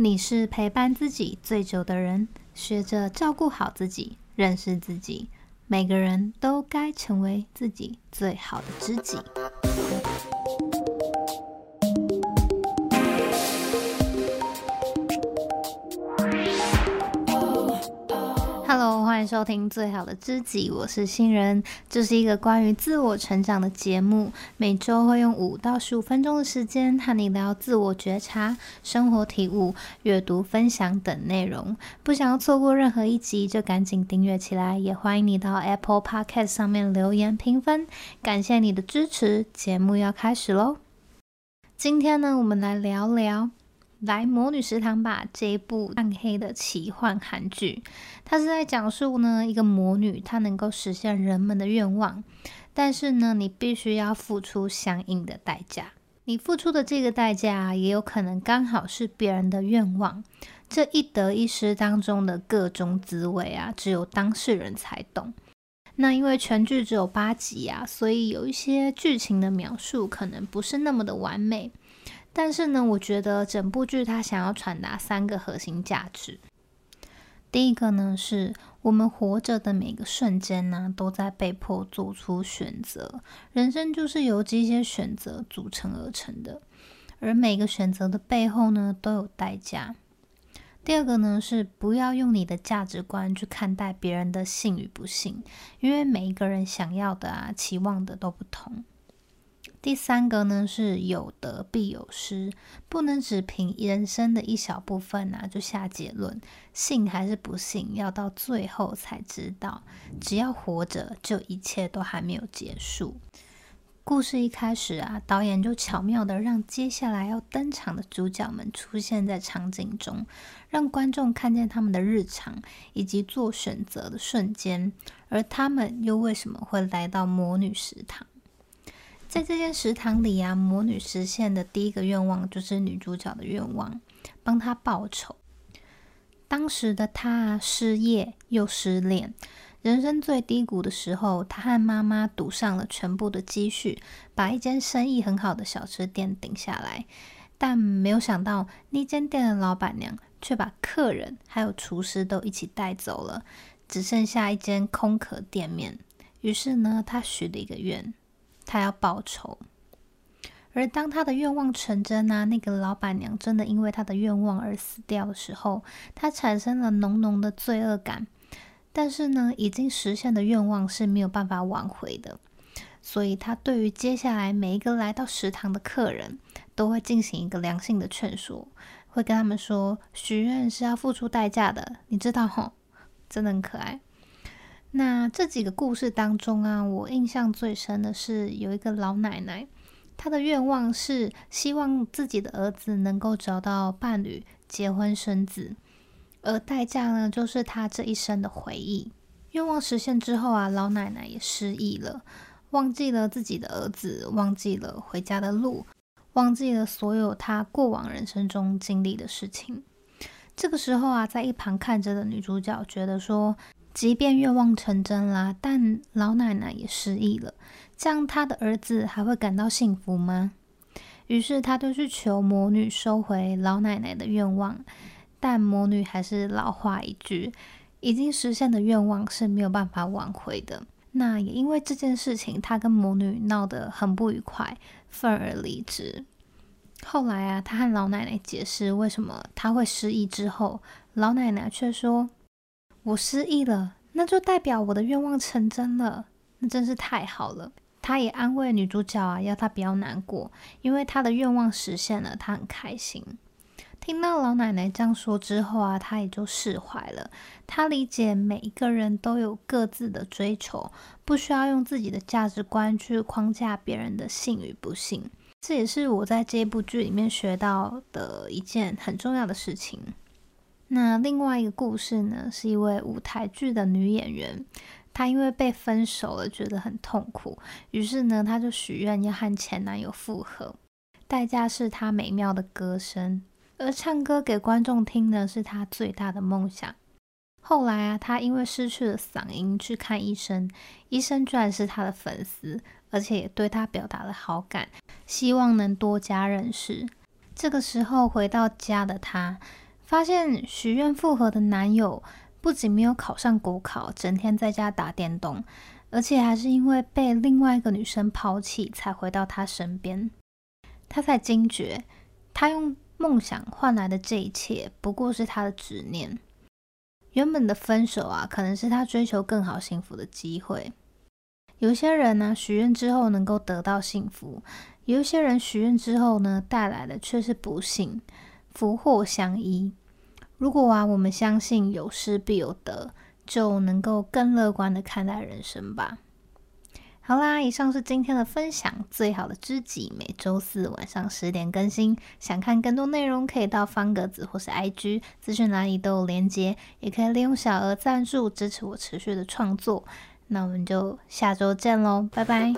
你是陪伴自己最久的人，學着照顧好自己，認識自己。每個人都該成為自己最好的知己。歡迎收聽《最好的知己》，我是新人，這是一個關於自我成長的節目，每周會用五到十五分鐘的時間和你聊自我覺察、生活體悟、閱讀分享等內容。不想要錯過任何一集，就趕緊訂閱起來。也歡迎你到 Apple Podcast 上面留言評分，感謝你的支持。節目要開始嘍，今天呢，我們來聊聊。來《魔女食堂》吧，這一部暗黑的奇幻韓劇，它是在講述呢，一個魔女，她能夠實現人們的願望，但是呢，你必須要付出相應的代價。你付出的這個代價啊，也有可能剛好是別人的願望。這一得一失當中的各種滋味啊，只有當事人才懂。那因為全劇只有八集啊，所以有一些劇情的描述可能不是那麼的完美。但是呢，我覺得整部劇它想要傳達三個核心價值。第一個呢，是我們活着的每個瞬間呢、啊，都在被迫做出選擇，人生就是由這些選擇組成而成的，而每個選擇的背後呢，都有代價。第二個呢，是不要用你的價值觀去看待別人的幸與不幸，因為每一個人想要的啊，期望的都不同。第三個呢，是有得必有失，不能只憑人生的一小部分吶，啊，就下結論，信還是不信要到最後才知道。只要活着，就一切都還沒有結束。故事一開始啊，導演就巧妙的讓接下來要登場的主角們出現在場景中，讓觀眾看見他們的日常以及做選擇的瞬間，而他們又為什麼會來到魔女食堂？在這間食堂裡啊，魔女實現的第一個願望就是女主角的願望，幫她報仇。當時的她失業又失戀，人生最低谷的時候，她和媽媽賭上了全部的積蓄，把一間生意很好的小吃店頂下來。但沒有想到，那間店的老闆娘卻把客人還有廚師都一起帶走了，只剩下一間空殼店面。於是呢，她許了一個願。他要報仇，而當他的願望成真呢、啊？那個老闆娘真的因為他的願望而死掉的時候，他產生了濃濃的罪惡感。但是呢，已經實現的願望是沒有辦法挽回的，所以他對於接下來每一個來到食堂的客人，都會進行一個良性的勸說，會跟他們說許願是要付出代價的，你知道吼？真的很可愛。那這幾個故事當中啊，我印象最深的是有一個老奶奶，她的願望是希望自己的兒子能夠找到伴侶結婚生子，而代價呢，就是她這一生的回憶。願望實現之後啊，老奶奶也失憶了，忘記了自己的兒子，忘記了回家的路，忘記了所有她過往人生中經歷的事情。這個時候啊，在一旁看着的女主角覺得說。即便願望成真啦，但老奶奶也失憶了。這樣，她的兒子還會感到幸福嗎？於是，他就去求魔女收回老奶奶的願望，但魔女還是老話一句：“已經實現的願望是沒有辦法挽回的。”那也因為這件事情，他跟魔女鬧得很不愉快，憤而離職。後來啊，他和老奶奶解釋為什麼她會失憶之後，老奶奶卻說。我失憶了，那就代表我的願望成真了，那真是太好了。她也安慰女主角啊，要她不要難過，因為她的願望實現了，她很開心。聽到老奶奶這樣說之後啊，她也就釋懷了。她理解每一個人都有各自的追求，不需要用自己的價值觀去框架別人的幸與不幸。這也是我在這部劇裡面學到的一件很重要的事情。那另外一個故事呢，是一位舞台劇的女演員，她因為被分手了，覺得很痛苦，於是呢，她就許願要和前男友復合，代價是她美妙的歌聲，而唱歌給觀眾聽呢，是她最大的夢想。後來啊，她因為失去了嗓音去看醫生，醫生居然是她的粉絲，而且也對她表達了好感，希望能多加認識。這個時候回到家的她。發現許願復合的男友不僅沒有考上國考，整天在家打電動，而且還是因為被另外一個女生拋棄才回到他身邊。他才驚覺，他用夢想換來的這一切不過是他的執念。原本的分手啊，可能是他追求更好幸福的機會。有些人呢、啊，許願之後能夠得到幸福；有一些人許願之後呢，帶來的卻是不幸。福禍相依。如果啊，我們相信有失必有得，就能夠更樂觀地看待人生吧。好啦，以上是今天的分享。最好的知己每周四晚上十點更新。想看更多內容，可以到方格子或是 IG，資訊欄裡都有連接。也可以利用小額贊助支持我持續的創作。那我們就下周見嘍，拜拜。